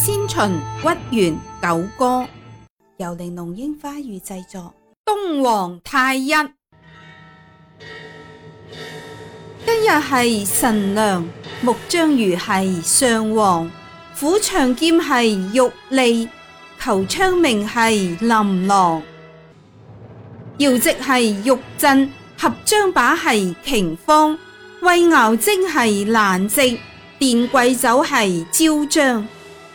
先秦屈原九歌，由玲瓏櫻花語製作。東皇太一，吉日兮辰良，穆將愉兮上皇，撫長劍兮玉珥，璆鏘鳴兮琳琅，瑤席兮玉瑱，盍將把兮瓊芳，蕙肴蒸兮蘭藉，奠桂酒兮椒漿。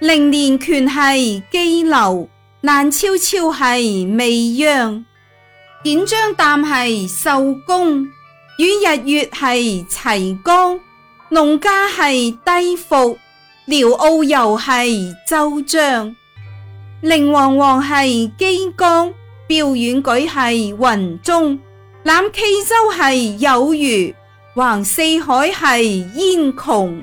零年權系姬留，難悄悄系未央，簡章淡系壽宮，與日月系齊光，農家系低伏，遼奧游系周章，靈王王系姬江，標遠舉系雲中，攬冀州系有餘，橫四海系煙窮。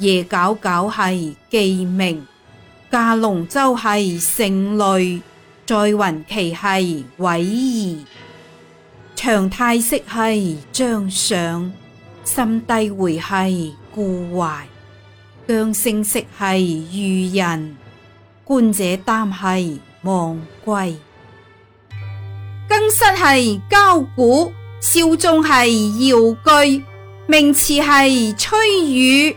夜皎皎系，記名駕龍舟系，勝累在雲旗系，委儀長太息系將上，心低回系顧懷姜聲色系漁人觀者擔系望歸更失系交鼓笑中系遙句，名詞系吹雨。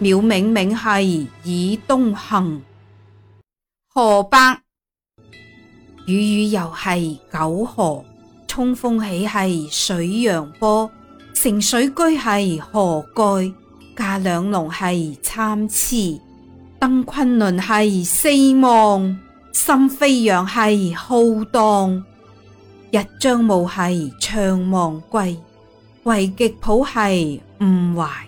渺冥冥係以東行，河北雨雨又係九河，衝風起系水楊波，乘水居係河蓋，駕兩龍係參差，登昆崙係四望，心飛揚係浩蕩，日將暮係悵忘歸，為極普係唔懷。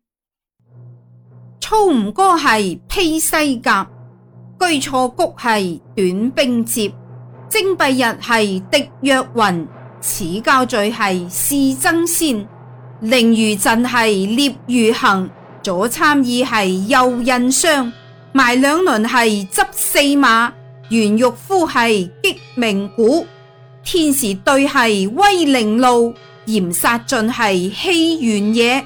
操吳歌係披西甲，居錯谷系短兵接，征畢日係敵若雲，此交聚係是爭先。靈如陣係獵如行，左參議係右印傷，埋兩輪係執四馬，袁玉夫係擊鳴鼓，天時對系威靈路，嚴殺盡系欺遠野。